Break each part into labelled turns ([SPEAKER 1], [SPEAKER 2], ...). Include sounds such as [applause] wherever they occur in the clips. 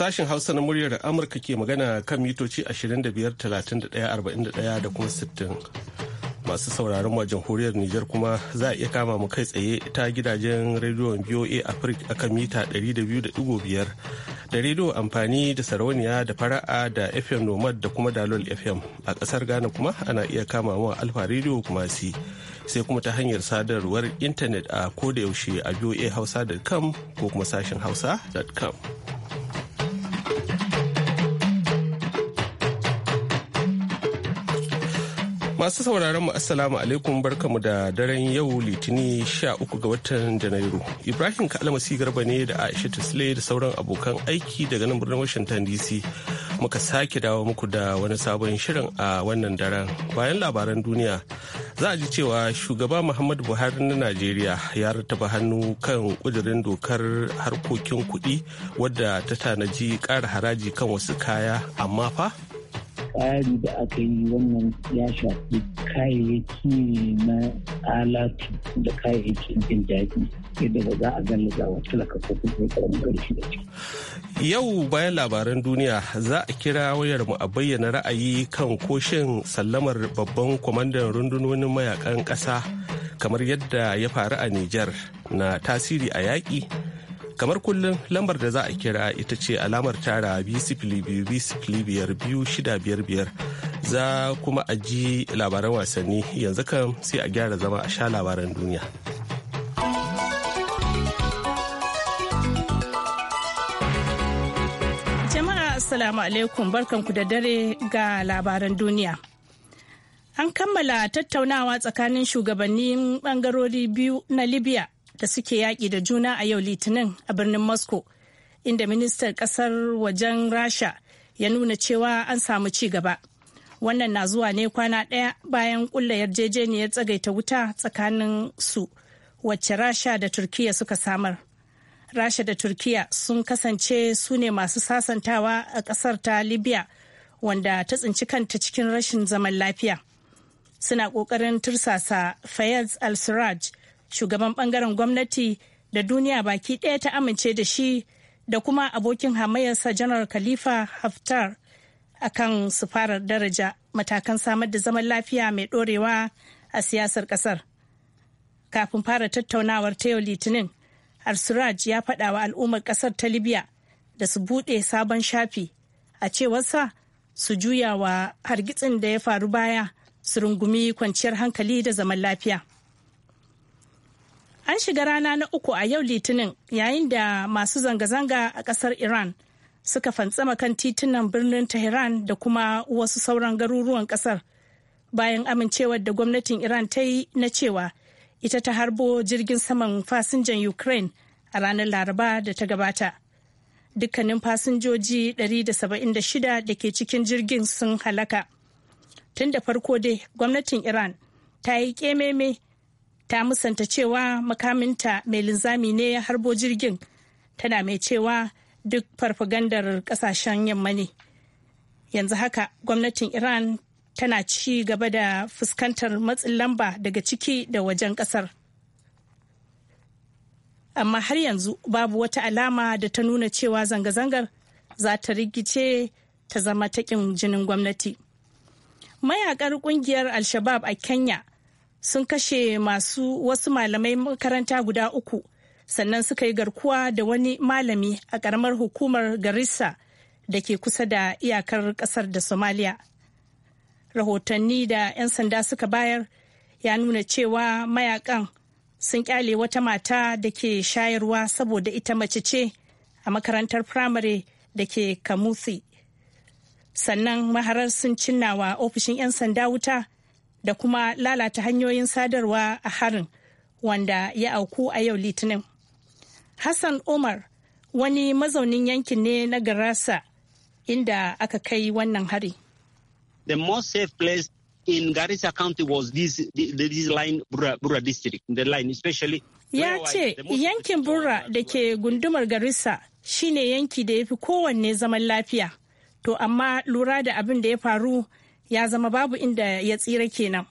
[SPEAKER 1] Sashen Hausa na muryar Amurka ke magana kan mitoci 25,31,41 da kuma 60. Masu sauraron ma jamhuriyar Nijar kuma za a iya kama mu kai tsaye ta gidajen rediyon BOA Africa a kan mita 200.5 da rediyo amfani da sarauniya da fara'a da FM Nomad da kuma Dalol FM. A kasar Ghana kuma ana iya kama mu Alfa rediyo kuma si. sai kuma ta hanyar sadarwar intanet a kodayaushe a hausa.com ko kuma sashen hausa.com. Masu sauraron mu Assalamu alaikum barkamu da daren yau Litini 13 ga watan Janairu. Ibrahim Kalmasi Garba ne da Aisha Tisle da sauran abokan aiki daga nan birnin Washington DC. Muka sake dawo muku da wani sabon shirin a wannan daren. Bayan labaran duniya, za a ji cewa shugaba Muhammadu Buhari na Najeriya ya rataba hannu kan kudirin dokar harkokin kuɗi wadda ta tanaji ƙara haraji kan wasu kaya amma fa
[SPEAKER 2] tsari da aka yi wannan ya shafi kayayyaki na alatu da kayayyaki jin daɗi yadda ba za a gallaza wa talaka ko kuma karamin ƙarfi da ciki.
[SPEAKER 1] Yau bayan labaran duniya za a kira wayar mu a bayyana ra'ayi kan koshin sallamar babban kwamandan rundunonin mayakan ƙasa kamar yadda ya faru a Nijar na tasiri a yaƙi kamar kullum lambar da za a kira ita ce alamar tara biyar za kuma a ji labaran wasanni yanzu kan sai a gyara zama a sha labaran duniya
[SPEAKER 3] jama'a assalamu alaikum barkanku da dare ga labaran duniya an kammala tattaunawa tsakanin shugabannin bangarori biyu na libya da suke yaƙi da juna a yau litinin a birnin moscow inda ministan ƙasar wajen rasha ya nuna cewa an samu ci gaba wannan na zuwa ne kwana ɗaya bayan ƙulla yarjejeniyar tsagaita wuta tsakanin su wacce rasha da turkiya suka samar rasha da turkiya sun kasance su ne masu sasantawa a ƙasar ta libya wanda ta tsinci kanta cikin rashin zaman lafiya suna ƙoƙarin tursasa fayez al-siraj shugaban bangaren gwamnati da duniya baki ɗaya ta amince da shi da kuma abokin hamayyarsa janar khalifa haftar akan su fara daraja matakan samar da zaman lafiya mai ɗorewa a siyasar ƙasar kafin fara tattaunawar ta yau litinin arsuraj ya faɗa wa al'ummar ƙasar ta libya da su buɗe sabon shafi a cewarsa su juya wa hargitsin da ya faru baya su rungumi kwanciyar hankali da zaman lafiya An shiga rana na uku a yau Litinin yayin da masu zanga-zanga a kasar Iran suka fantsama kan titunan birnin Tehran da kuma wasu sauran garuruwan kasar bayan amincewar da gwamnatin Iran ta yi na cewa ita ta harbo jirgin saman fasinjan Ukraine a ranar Laraba da ta gabata. Dukkanin fasinjoji 176 da ke cikin jirgin sun halaka. Tun da farko dai gwamnatin Iran ta yi kememe ta musanta cewa makaminta mai linzami ne harbo jirgin tana mai cewa duk farfagandar kasashen yamma ne yanzu haka gwamnatin iran tana ci gaba da fuskantar matsin lamba daga ciki da wajen kasar amma har yanzu babu wata alama da ta nuna cewa zanga-zangar za ta rigice ta zama taƙin jinin gwamnati mayakar kungiyar al-shabab a kenya sun kashe masu wasu malamai makaranta guda uku sannan suka yi garkuwa da wani malami a ƙaramar hukumar garissa da ke kusa da iyakar ƙasar da somalia rahotanni da 'yan sanda suka bayar ya nuna cewa mayakan sun kyale wata mata da ke shayarwa saboda ita mace ce a makarantar firamare da ke kamusi sannan maharar sun wa ofishin 'yan sanda wuta da kuma lalata hanyoyin sadarwa a harin wanda ya auku a yau litinin hassan Umar wani mazaunin yankin ne na garasa inda aka kai wannan hari
[SPEAKER 1] the most safe place in Garissa County was this this line Bura, Bura district, the line especially.
[SPEAKER 3] Ya ce yankin Bura da ke gundumar Garissa shine yanki da ya fi kowanne zaman lafiya. To amma lura da abin da ya faru ya zama babu inda ya tsira kenan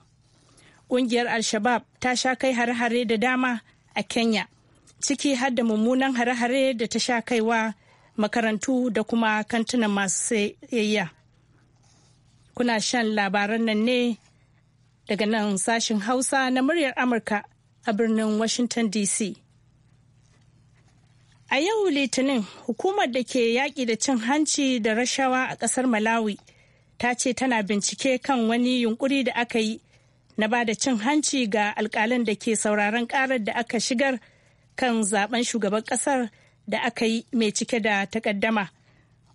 [SPEAKER 3] ƙungiyar al-shabab ta sha kai hare-hare da dama a kenya ciki har da mummunan hare-hare da ta sha kaiwa makarantu da kuma kantunan masu sayayya kuna shan labaran nan ne daga nan sashin hausa na muryar amurka a birnin washington dc a yau litinin hukumar da ke yaƙi da cin hanci da rashawa a ƙasar malawi ta ce tana bincike kan wani yunkuri da aka yi na ba da cin hanci ga alkalin da ke sauraron karar da aka shigar kan zaben shugaban kasar da aka yi mai cike da takaddama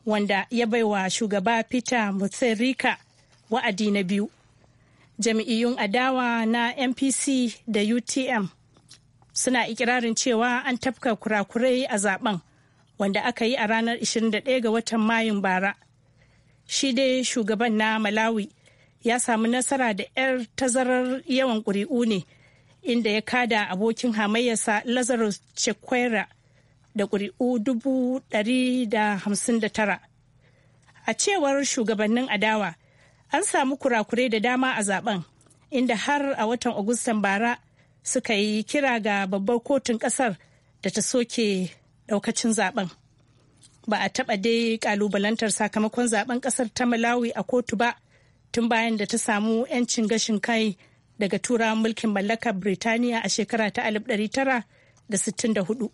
[SPEAKER 3] wanda ya baiwa shugaba peter mutharika wa'adi na biyu jami'iyyun adawa na mpc da utm suna ikirarin cewa an tafka kurakurai a zaben wanda aka yi a ranar 21 ga watan mayun bara shi dai shugaban na malawi ya samu nasara da 'yar tazarar yawan ƙuri'u ne inda ya kada abokin hamayyarsa lazarus chekwera da ƙuri'u 159 a cewar shugabannin adawa an samu kurakurai da dama a zaben inda har a watan agustan bara suka yi kira ga babbar kotun ƙasar da ta soke ɗaukacin zaben. ba a taɓa dai kalubalantar sakamakon zaben kasar ta malawi a kotu ba tun bayan da ta samu 'yancin gashin kai daga turawan mulkin mallaka birtaniya a shekara ta 1964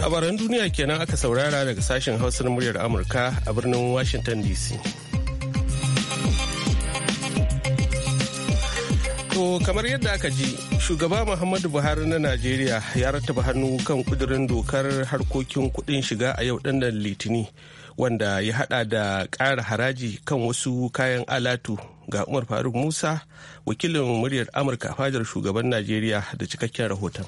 [SPEAKER 1] labaran duniya kenan aka saurara daga sashen hausa muryar amurka a birnin washington dc To kamar yadda aka ji, shugaba Muhammadu Buhari na Najeriya ya rattaba hannu kan kudirin dokar harkokin kudin shiga a yau ɗannan litini wanda ya hada da ƙara haraji kan wasu kayan alatu ga Umar Faruk Musa, wakilin muryar Amurka fajar shugaban Najeriya da cikakken rahoton.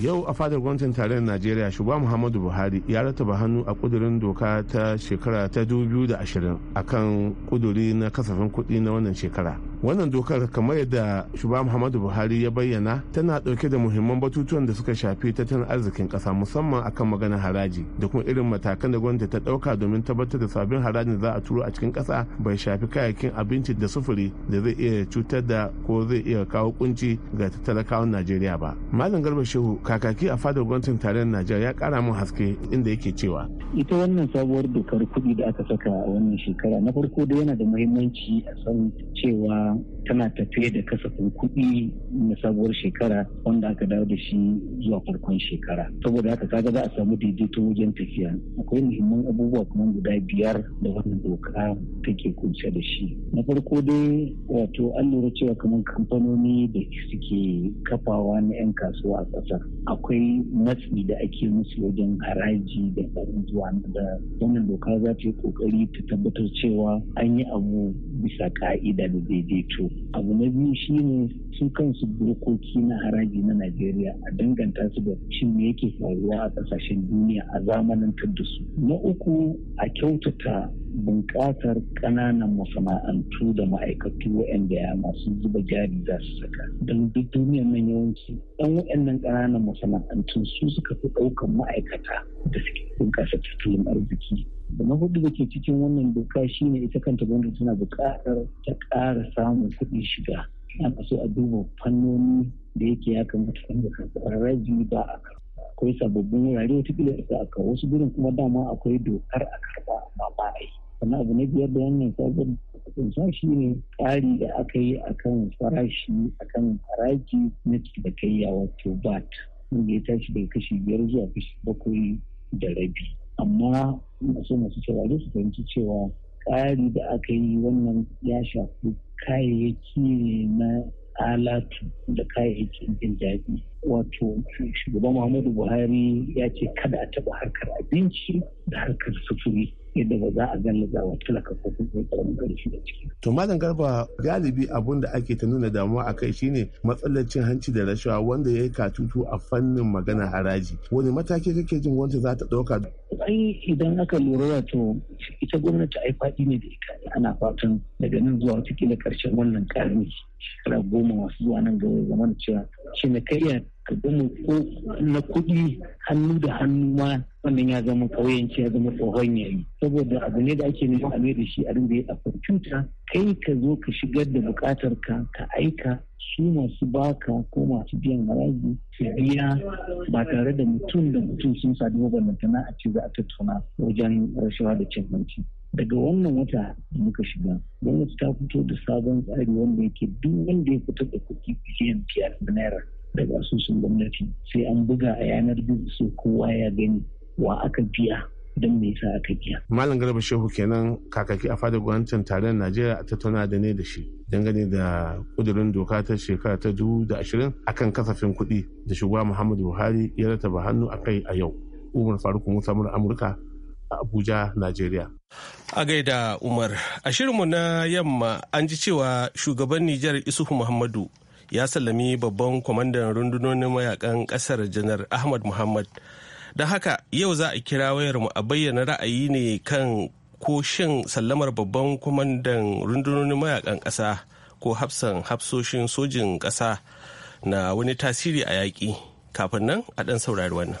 [SPEAKER 4] yau a fadar gwamnatin tarayyar najeriya shugaba muhammadu buhari ya rataba hannu a kudurin doka ta shekara ta 2020 akan kuduri na kasafin kuɗi na wannan shekara wannan dokar kamar yadda shugaba muhammadu buhari ya bayyana tana ɗauke da muhimman batutuwan da suka shafi tattalin arzikin kasa musamman akan maganar haraji da kuma irin matakan da gwamnati ta ɗauka domin tabbatar da sabbin harajin za a turo a cikin kasa bai shafi kayayyakin abinci da sufuri da zai iya cutar da ko zai iya kawo kunci ga talakawan najeriya ba malam garba shehu kakaki a fadar gwamnatin tarayyar najeriya ya kara mun haske inda yake cewa
[SPEAKER 2] ita wannan sabuwar dokar kuɗi da aka saka a wannan shekara na farko da yana da muhimmanci a san cewa tana tafiye da kasafin kuɗi na sabuwar shekara wanda aka dawo da shi zuwa farkon shekara saboda haka kaga za a samu daidaito wajen tafiya akwai muhimman abubuwa kuma guda biyar da wannan doka take kunshe da shi na farko dai wato an lura cewa kamar kamfanoni da suke kafawa na 'yan kasuwa a ƙasar akwai matsi da ake musu wajen haraji da tsarin zuwa da wannan doka za ta yi ƙoƙari ta tabbatar cewa an yi abu bisa ka'ida da daidaito abu na biyu shine su kansu dokoki na haraji na najeriya a danganta su da shin me yake faruwa a kasashen duniya a zamanantar da su na uku a kyautata bunƙasar ƙananan masana'antu da ma'aikatu waɗanda ya masu zuba jari za su saka don duk duniyar nan yawanci ɗan waɗannan ƙananan masana'antu su suka fi ɗaukan ma'aikata da suke bunƙasa tattalin arziki da na hudu da ke cikin wannan doka shine ita kanta gwamnati tana buƙatar ta ƙara samun kuɗin shiga ana so a duba fannoni da yake ya kamata wanda rabi ba a karɓa akwai sababbin wurare wataƙila da aka wasu gurin kuma dama akwai dokar a karɓa amma ba a yi sannan abu na biyar da wannan sabon kunsa shi ne tsari da aka yi a kan farashi a kan haraji na cinikayya wato bat wanda ya tashi daga kashi biyar zuwa kashi bakwai da rabi amma masu masu saurare su fahimci cewa ƙari da aka yi wannan ya shafi kayayyaki ne na alatu da kayayyakin jin daɗi wato shugaban muhammadu buhari ya ce kada a taɓa harkar abinci da harkar sufuri yadda ba za a gallaza wa talaka ko kuma karamin gari shi da ciki. To Malam Garba galibi
[SPEAKER 4] abun da ake ta nuna damuwa a kai shine matsalar cin hanci da rashawa wanda ya yi katutu a fannin magana haraji. Wani mataki kake jin wanda za ta ɗauka?
[SPEAKER 2] Ai idan aka lura da to ita gwamnati ai faɗi ne da ita ana fatan daga nan zuwa wata ƙarshen wannan ƙarni shekara goma masu zuwa nan gaba zaman cewa shi na kai al'umma ko na kuɗi hannu da hannu ma wannan ya zama kauyanci ya zama tsohon yayi saboda abu ne da ake neman a da shi a rinda a kwamfuta kai ka zo ka shigar da buƙatar ka ka aika su masu baka ko masu biyan haraji su biya ba tare da mutum da mutum sun sadu ba tana a ce za a tattauna wajen rashawa da cin hanci daga wannan wata muka shiga gwamnati ta fito da sabon tsari wanda yake duk wanda ya fitar da kuɗi biliyan biyar naira daga asusun gwamnati sai an buga a yanar gizo sai kowa ya gani wa aka biya don me yasa aka biya.
[SPEAKER 4] Malam Garba Shehu kenan kakaki a fadar gwamnatin tarayyar Najeriya a tattauna da ne da shi dangane da kudurin doka ta shekara ta dubu da ashirin akan kasafin kuɗi da shugaba Muhammadu Buhari ya rataba hannu a kai a yau. Umar Faruk Musa Amurka a Abuja,
[SPEAKER 1] Najeriya. A gaida Umar, a shirinmu na yamma an ji cewa shugaban Nijar Isuhu Muhammadu ya sallami babban kwamandan rundunonin mayakan kasar janar ahmad muhammad don haka yau za a kira wayarmu a bayyana ra'ayi ne kan ko shin sallamar babban kwamandan rundunonin mayakan ƙasa ko hafsan hafsoshin sojin ƙasa na wani tasiri a yaƙi kafin nan a ɗan saurari wannan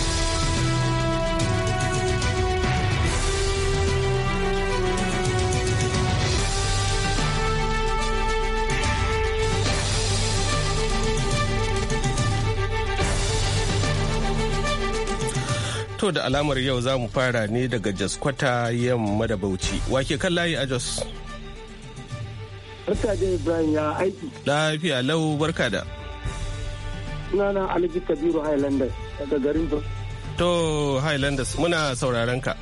[SPEAKER 1] To da alamar yau za mu fara ne daga Jaskwata yamma da Bauchi. Wake kan layi a Jos. Barka da Ibrahim ya aiki. Lafiya lau barka da. Sunana Alhaji Kabiru Highlanders daga garin To Highlanders muna sauraron ka.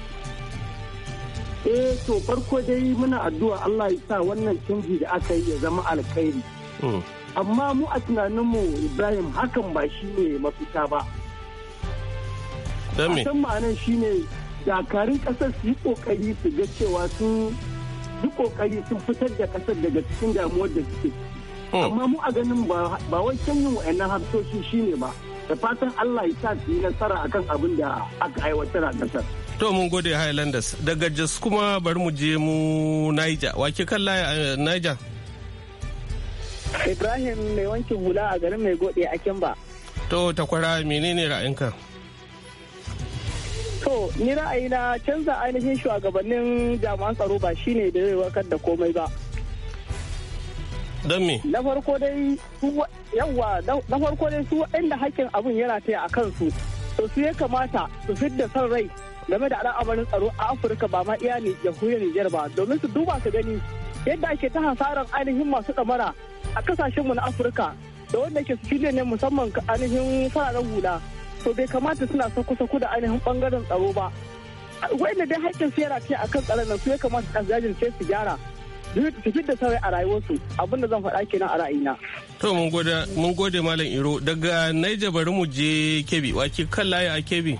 [SPEAKER 1] Eh to farko dai muna addu'a Allah ya sa wannan canji da aka yi ya zama alkhairi. Hmm. Amma mu a tunaninmu Ibrahim hakan ba shi ne mafita ba. don me san ma'anar shine dakarun kasar su yi kokari su ga cewa sun duk kokari sun fitar da ƙasar daga cikin damuwar da suke hmm. amma mu a ganin ba wai yin wa'annan hafsoshi ne ba da fatan Allah ya
[SPEAKER 2] sa su yi nasara akan abin da aka aiwatar a kasar
[SPEAKER 1] to mun gode highlanders daga jos kuma bari mu je mu niger wake kan eh, niger ibrahim mai wankin hula a garin mai gode a kimba to takwara menene ra'ayinka To, ni ra'ayi na canza ainihin shugabannin jami'an tsaro ba shine da zai warkar da komai ba. Don me? Na farko dai yawa na farko su waɗanda hakkin abun yana taya a kansu. To su ya kamata su fidda son rai game da al'amarin tsaro a Afirka ba ma iya ne jamhuriyar Nijar ba domin su duba su gani yadda ake ta hasarar ainihin masu ɗamara a kasashenmu na Afirka da wanda ke su ne musamman ainihin fararen hula. to bai kamata suna son kusa ku da ainihin bangaren tsaro ba wanda dai haƙƙin su yana ce a kan tsaron nan su ya kamata a ce su gyara tafi da sauri a rayuwarsu abinda zan faɗa kenan a ra'ayina. to mun gode malam iro daga naija bari mu je kebi wake kan layi a kebi.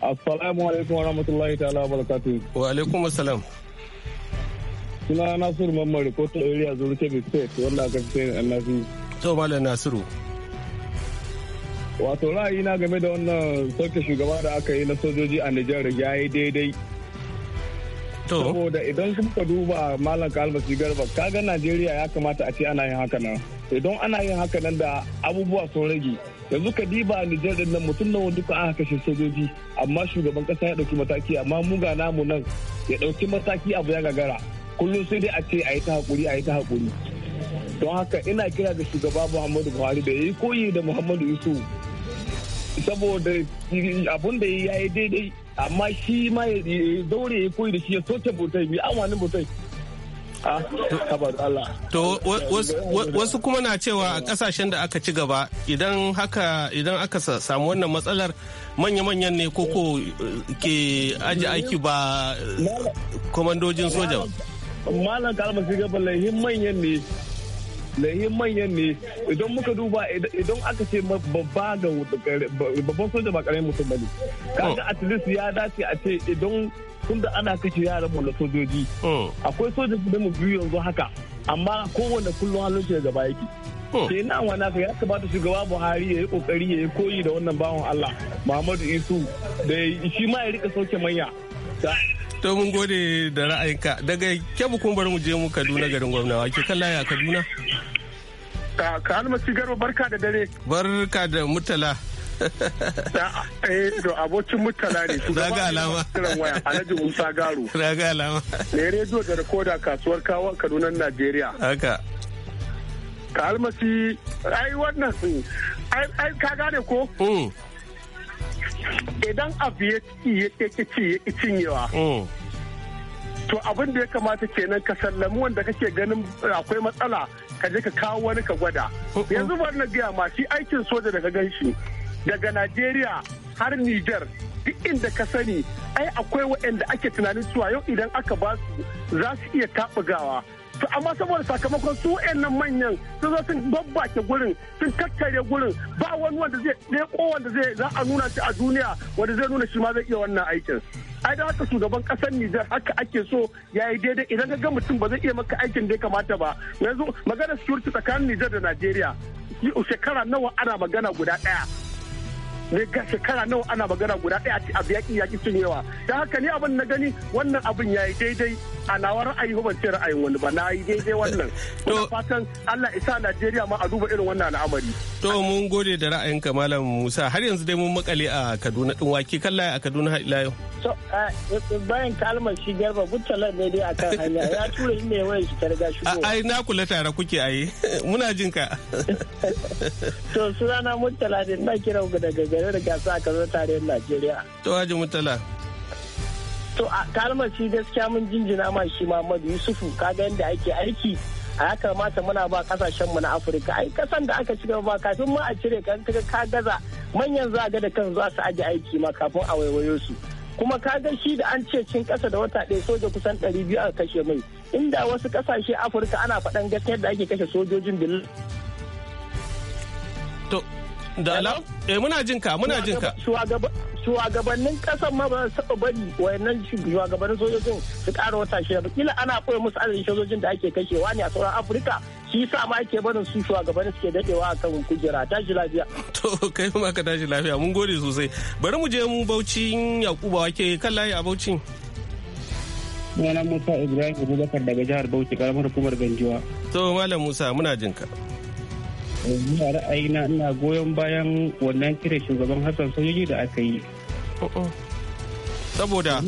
[SPEAKER 1] assalamu alaikum wa rahmatullahi ta'ala wa wa alaikum assalam. suna nasiru mamman rikoto area zuru kebi state wanda aka fi sayin annasi. to malam nasiru. wato ra'ayi na game da wannan sauke shugaba da aka yi na sojoji a Nijar ya yi daidai saboda idan ka duba malam kalmasi garba kaga najeriya ya kamata a ce ana yin haka nan idan ana yin haka nan da abubuwa sun rage yanzu ka diba nijar din nan mutum nawa duka aka kashe sojoji amma shugaban kasa ya dauki mataki amma muga namu nan ya dauki mataki abu ya gagara kullum sai dai a ce a yi ta hakuri a yi ta hakuri don haka ina kira ga shugaba muhammadu buhari da ya yi koyi da muhammadu yusuf saboda abun da ya yi daidai amma shi ma ya daure ya koyi da shi ya soke botai bi an wani botai ah, To wasu kuma na cewa a kasashen da aka ci gaba idan haka idan aka samu wannan matsalar manya-manyan ne koko eh, ke aji aiki ba kwamandojin soja. Malam kalmar shiga balahin manyan ne layin manyan ne idan muka duba idan aka ce babba ga babban soja ba karamin mutum bane kaga at least ya dace a ce idan tunda ana kashe yaran mu na sojoji hmm. akwai sojoji da mu biyu yanzu haka amma kowanne kullum halin shi gaba yake hmm. ke na wana ka ya kamata shugaba buhari ya yi kokari ya yi koyi da wannan bawan allah muhammadu isu da shi ma ya rika sauke manya to mun gode da ra'ayinka daga kebu kun bar mu je mu kaduna garin gwamna ke kan laya kaduna ka almasi garba barka da dare barka da mutala eh to abocin mutala ne su ga alama kiran waya alhaji musa garo ga alama ne rediyo da rikoda kasuwar kawon kaduna najeriya haka ka almasi ai wannan ai ka gane ko hmm. idan abu ya ci ya cinyewa hmm. to abin da ya kamata kenan ka sallami wanda kake ganin akwai matsala ka je ka kawo wani ka gwada yanzu bari na gaya ma shi aikin soja daga gan shi daga najeriya har niger duk inda ka sani ai akwai waɗanda ake tunanin cewa yau idan aka ba su za su iya taɓugawa to amma saboda sakamakon su nan manyan sun zo sun babbake gurin sun tattare gurin ba wani wanda zai leko wanda zai za a nuna shi a duniya wanda zai nuna shi ma zai iya wannan aikin ai da haka shugaban kasar Nijar haka ake so yayi daidai idan ka ga mutum ba zai iya maka aikin da ya kamata ba yanzu maganar security tsakanin Nijar da Najeriya shekara nawa ana magana guda daya ne ga shekara nawa ana magana guda ɗaya a abu yaƙi yaƙi sun yawa da haka ni abin na gani wannan abin ya yi daidai a nawa ra'ayi ban ce ra'ayin wani ba na yi daidai wannan [laughs] to fatan Allah isa Najeriya ma a duba irin wannan al'amari to mun gode da ra'ayinka malam Musa har yanzu dai mun makale a Kaduna din waki kalla a Kaduna har ila yau to eh, bayan kalmar shi garba butala ne dai akan hanya ya tura ne wayan shi targa shi ai na kula tare kuke ayi [laughs] muna jin ka [laughs] to sunana mutala ne na kira daga garin rigasa a zo tarihin najeriya to haji mutala
[SPEAKER 3] to a kalmar shi
[SPEAKER 1] gaskiya mun jinjina ma shi muhammadu yusufu kaga yadda ake aiki a ya kamata muna ba kasashenmu na afirka ai kasan da aka cigaba ba kafin mu a cire kan ka gaza manyan za ga da kan za su aje aiki ma kafin a waiwayo su kuma ka ga shi da an ce cin kasa da wata ɗaya soja kusan ɗari biyu aka kashe mai inda wasu kasashe afirka ana faɗan gaskiya da ake kashe sojojin bil da alam eh muna jin ka muna jin ka shugabannin kasan ma ba su taba bari wayannan shugabannin sojojin su ƙara wata shida kila ana koya musu adadin sojojin da ake kashewa ne a sauran afirka shi sa ma ake barin su shugabannin suke dadewa a kan kujera tashi lafiya [laughs] to kai ma ka tashi lafiya mun gode sosai bari mu je mu bauchi Yakubu wake kan layi a bauchi sunana musa ibrahim abubakar daga jihar bauchi karamar hukumar ganjiwa to malam musa muna jinka ni a ra'ayina ina goyon bayan wannan kira shugaban hassan sojoji da aka yi oh, oh. saboda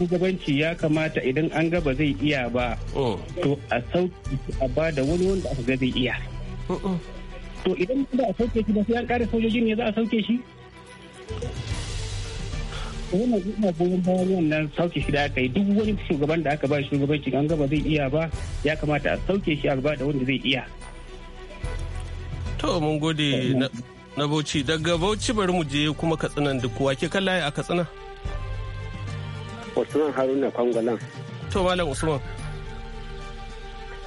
[SPEAKER 1] shugabanci ya kamata idan an ga ba zai iya ba oh. to a sauki a ba da wani wanda aka ga zai iya to idan ba a sauke shi ba sai an kare sojoji ne za a sauke shi wannan ina goyon bayan wannan sauke shi da aka yi duk wani shugaban da aka ba shugabanci an ga ba zai iya ba ya kamata a sauke shi a ba da wanda zai iya to mun gode na bauchi daga bauchi bari mu je kuma katsinan duk kowa ke kan a a tsana usman haruna kwangwalan to malam usman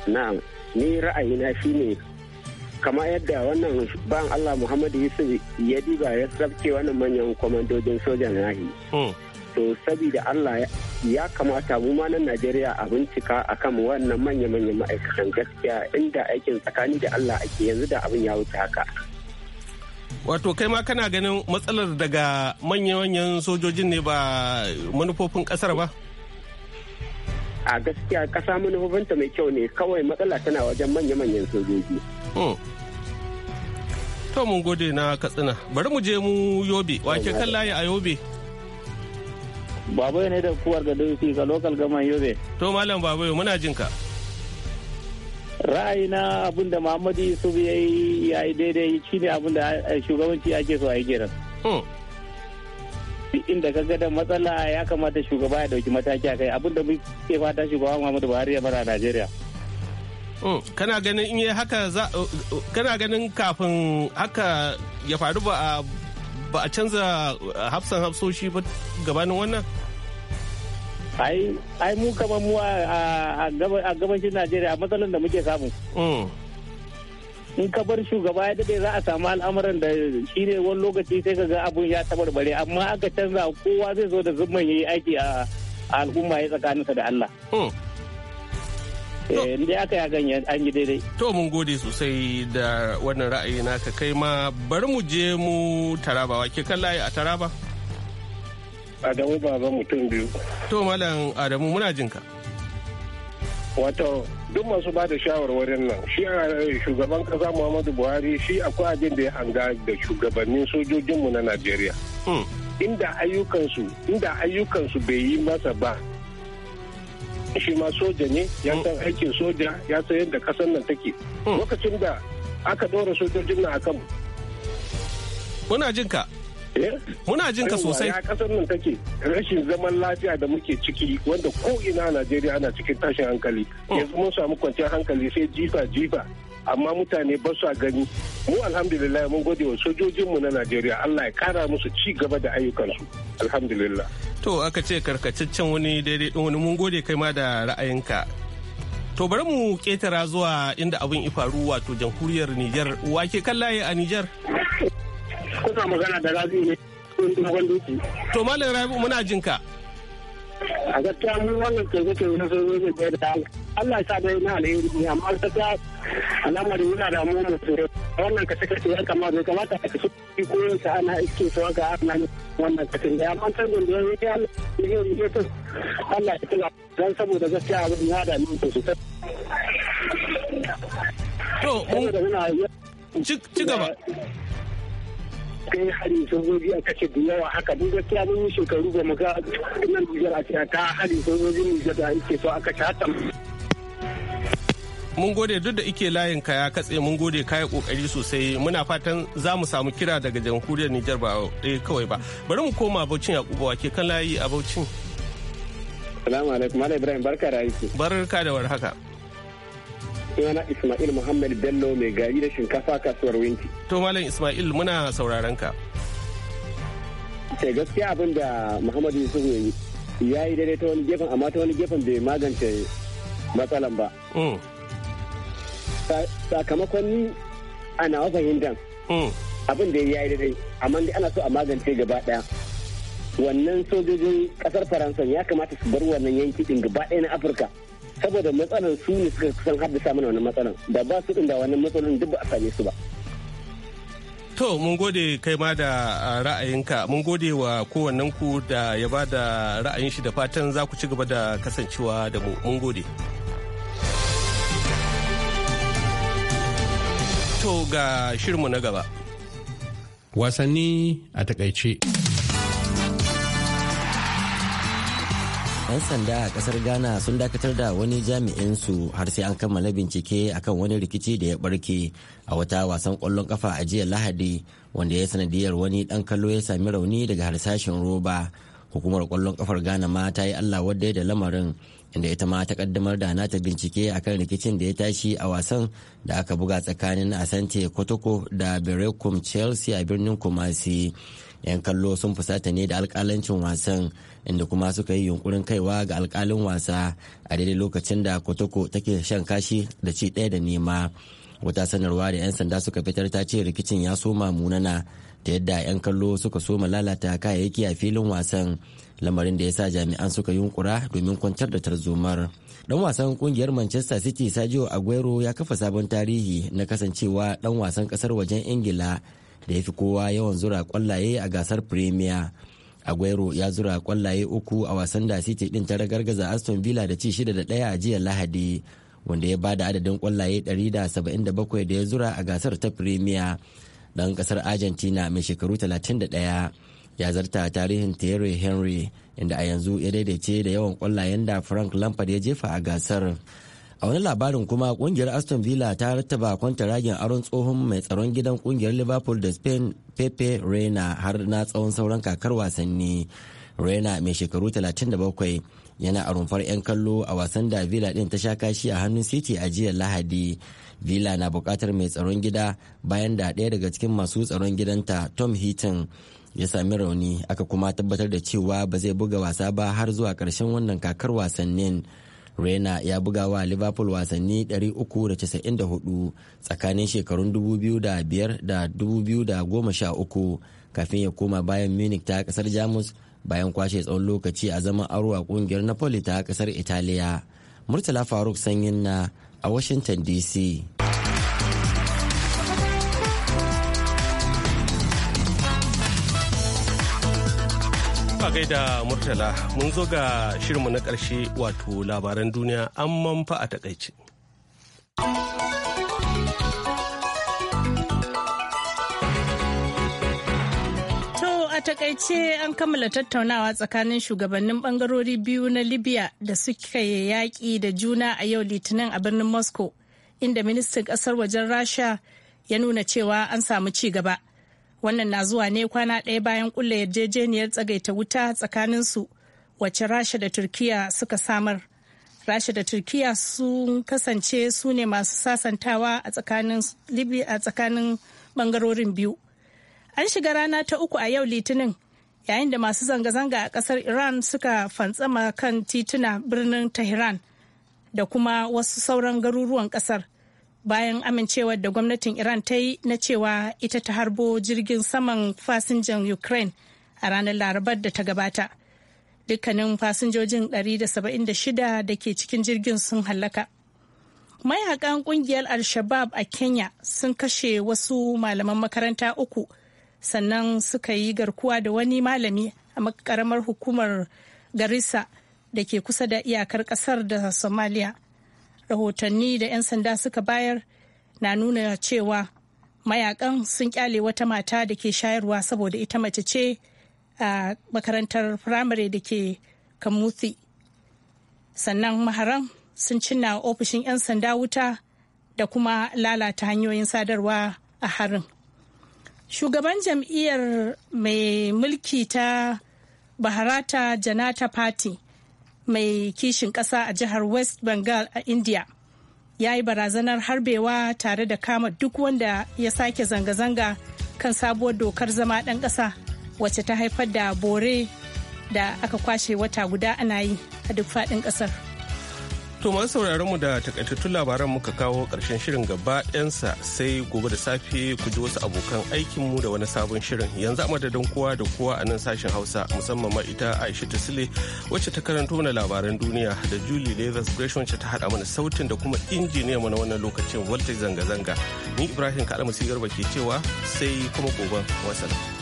[SPEAKER 1] na'am ni ra'ayina ne kama yadda wannan ban allah muhammadu yusuf ya diba ya tsabke wannan manyan kwamandojin sojan nahi hmm. to sabida Allah ya kamata mu ma nan Najeriya a bincika akan wannan manya-manyan ma'aikatan gaskiya inda aikin tsakani da Allah ake yanzu da abin ya wuce haka. Wato kai ma kana ganin matsalar daga manya-manyan sojojin ne ba manufofin kasar ba? A gaskiya kasa manufofinta mai kyau ne kawai matsala tana wajen manya-manyan sojoji. Hmm. To mun gode na katsina. Bari mu je mu yobe, wake kan layi a yobe. Babu ne da kuwar ga Dausi ga lokal gaman Yobe. To Malam Babu muna jin ka. na abin da Muhammadu Yusuf ya yi ya yi daidai shi ne abin da eh, shugabanci ake so a yi kiran. Hmm. inda ka ga da matsala ya kamata shugaba ya dauki mataki a kai abin da muke fata shugaba Muhammadu Buhari ya bara a Najeriya. Hmm. kana ganin in haka eh, eh, kana ganin kafin haka ya faru ba a ba a canza uh, hafsan hafsoshi ba gabanin wannan ai ai mu kamar mu a gabashin najeriya a matsalar da muke samu mm. in ka bar shugaba ya dade za a samu al'amuran da shi ne wani lokaci sai ka ga abun ya tabarbare amma aka canza kowa zai zo da zumman yi aiki a al'umma ya tsakaninsa da allah mm. Eh, in dai aka yi an yi daidai. To mun gode sosai da wannan ra'ayi naka kai ma bari mu je mu taraba wa ke kan layi a taraba? Adamu baban mutum biyu. To malam Adamu muna jinka. Wato duk masu ba da shawarwarin nan shi eh, shugaban kasa Muhammadu Buhari shi akwai abin da ya hanga da shugabannin sojojinmu na Najeriya. Hmm. Inda ayyukansu inda ayyukansu bai yi masa ba shi ma soja ne ya san mm. aikin soja ya san yadda kasar nan take mm. lokacin da aka ɗora sojojin nan akan muna jin ka eh? muna jin ka sosai ya kasar nan take rashin zaman lafiya da muke ciki wanda ko ina a Najeriya ana cikin tashin hankali mm. yanzu mun samu kwanciyar hankali sai jifa jifa amma mutane ba su gani mu alhamdulillah mun gode wa sojojinmu na Najeriya Allah ya kara musu ci gaba da ayyukansu alhamdulillah To aka ce karkacaccen wani daidai ɗin wani mun gode kai ma da ra'ayinka. To bari mu ketara zuwa inda abin faru wato jamhuriyar Nijar. ke kan laye a Nijar? Kuna magana da Rabi ne. To Malam Rabi muna jinka. A gaskiya mun wannan kai kake wani sojoji da Allah ya sa dai na alheri ne amma ta ta alamar yana da mu mutu wannan kace kace ya ne kamata a kace ko yin sa ana iske su ga ana wannan kace da amma ta gun da ya ya ya ta Allah ya tsaya dan saboda gaskiya abin ya da mu sosai to ci gaba kai hari sojoji a kashe da yawa haka duk gaskiya mun yi shekaru ba mu ga nan Nijar a ta hari sojoji Nijar da ake so aka ta mun gode duk da ike layin ka ya katse mun gode ka yi kokari sosai muna fatan za mu samu kira daga jamhuriyar Nijar ba ɗaya kawai ba bari mu koma abaucin Yakubu wake kan layi a Bauchin Assalamu alaikum Malam Ibrahim barka da aiki barka da warhaka Sunana Ismail Muhammad Bello mai gari da shinkafa kasuwar Winki To Malam Ismail muna sauraron ka Ke gaskiya abin da Muhammadu Yusuf ya yi daidai ta wani gefen amma ta wani gefen bai magance matsalan ba. Mm. sakamakon ni a nawa fahimtar hmm. abin da ya yi daidai amma dai ana so a magance gaba daya wannan sojojin kasar faransa ya kamata su bar wannan yanki din gaba daya na afirka saboda matsalar su ne suka kusan haddasa mana wannan matsalar da ba su inda da wannan matsalar duk ba a same su ba To mun gode kai ma da ra'ayinka mun gode wa kowannen ku da ya ba da ra'ayin shi da fatan za ku ci gaba da kasancewa da mu mun gode. To ga shirmu na gaba. Wasanni a
[SPEAKER 5] takaice. 'yan sanda a kasar ghana sun dakatar da wani jami'in su har sai an kammala bincike akan wani rikici da ya barke a wata wasan kwallon kafa a jiya lahadi wanda ya sanadiyar wani dan kallo ya sami rauni daga harsashin roba hukumar kwallon kafar ghana ma ta yi allah wadda da lamarin inda ita ma ta kaddamar da nata bincike a kan rikicin da ya tashi a wasan da aka buga tsakanin asante kotoko da berekum chelsea a birnin kumasi yan kallo sun fusata ne da alkalancin wasan inda kuma suka yi yunkurin kaiwa ga alkalin wasa a daidai lokacin da kotoko take shan kashi da ci ɗaya da nema wata sanarwa da 'yan sanda suka fitar ta ce rikicin ya soma munana ta yadda 'yan kallo suka soma lalata kayayyaki a filin wasan lamarin da ya sa jami'an suka yunkura domin kwantar da tarzomar dan wasan kungiyar manchester city sajo aguero ya kafa sabon tarihi na kasancewa dan wasan kasar wajen ingila da ya fi kowa yawan zura kwallaye a gasar premier aguero ya zura kwallaye uku a wasan da city din ta ragargaza aston villa da ci shida da daya a jiya lahadi wanda ya bada adadin kwallaye 177 da ya zura a gasar ta premier ɗan ƙasar argentina mai shekaru 31 ya zarta tarihin thierry henry inda a yanzu ya daidaice da yawan kwallayen da frank lampard ya jefa a gasar a wani labarin kuma kungiyar aston villa ta rattaba ragin aron tsohon mai tsaron gidan kungiyar liverpool da spain pepe reina har na tsawon sauran kakar wasanni reina mai shekaru 37 yana a rumfar 'yan kallo a wasan da villa din ta sha kashi a hannun city a jiya lahadi villa na bukatar mai tsaron gida bayan da ɗaya daga cikin masu tsaron gidanta tom heaton ya sami rauni aka kuma tabbatar da cewa ba zai buga wasa ba har zuwa ƙarshen wannan kakar wasannin Rena ya buga wa Liverpool wasanni 394 tsakanin shekarun 2005 da 2013 kafin ya koma bayan Munich ta kasar Jamus bayan kwashe tsawon lokaci a zaman aro a kungiyar Napoli ta kasar Italiya. Murtala Faruk sanyin na a Washington DC.
[SPEAKER 1] gaida Murtala mun zo ga shirinmu na ƙarshe wato labaran duniya an manfa a takaici.
[SPEAKER 3] a takaice an kammala tattaunawa tsakanin shugabannin bangarori biyu na Libya da suka yaƙi da juna a yau Litinin a birnin Moscow, inda ministan ƙasar wajen Rasha ya nuna cewa an samu ci gaba. Wannan na zuwa ne kwana ɗaya bayan ƙulla yarjejeniyar tsagaita wuta tsakanin su wacce Rasha da Turkiya suka samar. Rasha da Turkiya sun kasance su ne masu sasantawa a tsakanin bangarorin biyu. an shiga rana ta uku a yau litinin yayin da masu zanga-zanga a kasar iran suka fantsama kan tituna birnin tehran da kuma wasu sauran garuruwan kasar bayan amincewar da gwamnatin iran ta yi na cewa ita ta harbo jirgin saman fasinjan ukraine a ranar larabar da ta gabata dukkanin fasinjojin 176 da ke cikin jirgin sun hallaka mayakan kungiyar al-shabab a kenya sun kashe wasu malaman makaranta uku sannan suka yi garkuwa da wani malami a makaramar hukumar garissa da ke kusa da iyakar kasar da somalia rahotanni da 'yan sanda suka bayar na nuna cewa mayakan sun kyale wata mata da ke shayarwa saboda ita mace ce a makarantar firamare da ke kamuthi sannan maharan sun cinna ofishin 'yan sanda wuta da kuma lalata hanyoyin sadarwa a harin shugaban jam'iyyar mai mulki ta baharata janata party mai kishin ƙasa a jihar west bengal a india ya yi barazanar harbewa tare da kama duk wanda ya sake zanga-zanga kan sabuwar dokar zama ɗan ƙasa wacce ta haifar da bore da aka kwashe wata guda ana yi a duk faɗin ƙasar.
[SPEAKER 1] To masu sauraron mu da takaitattun labaran muka kawo ƙarshen shirin gaba ɗansa sai gobe da safe ku ji wasu abokan aikinmu da wani sabon shirin yanzu a madadin kowa da kowa a nan sashen hausa musamman ma ita aisha ta sile wacce ta karanto mana labaran duniya da julie leathers gresham wacce ta haɗa mana sautin da kuma injiniya mana wannan lokacin walter zanga-zanga ni ibrahim kaɗa ba ke cewa sai kuma goben wasana.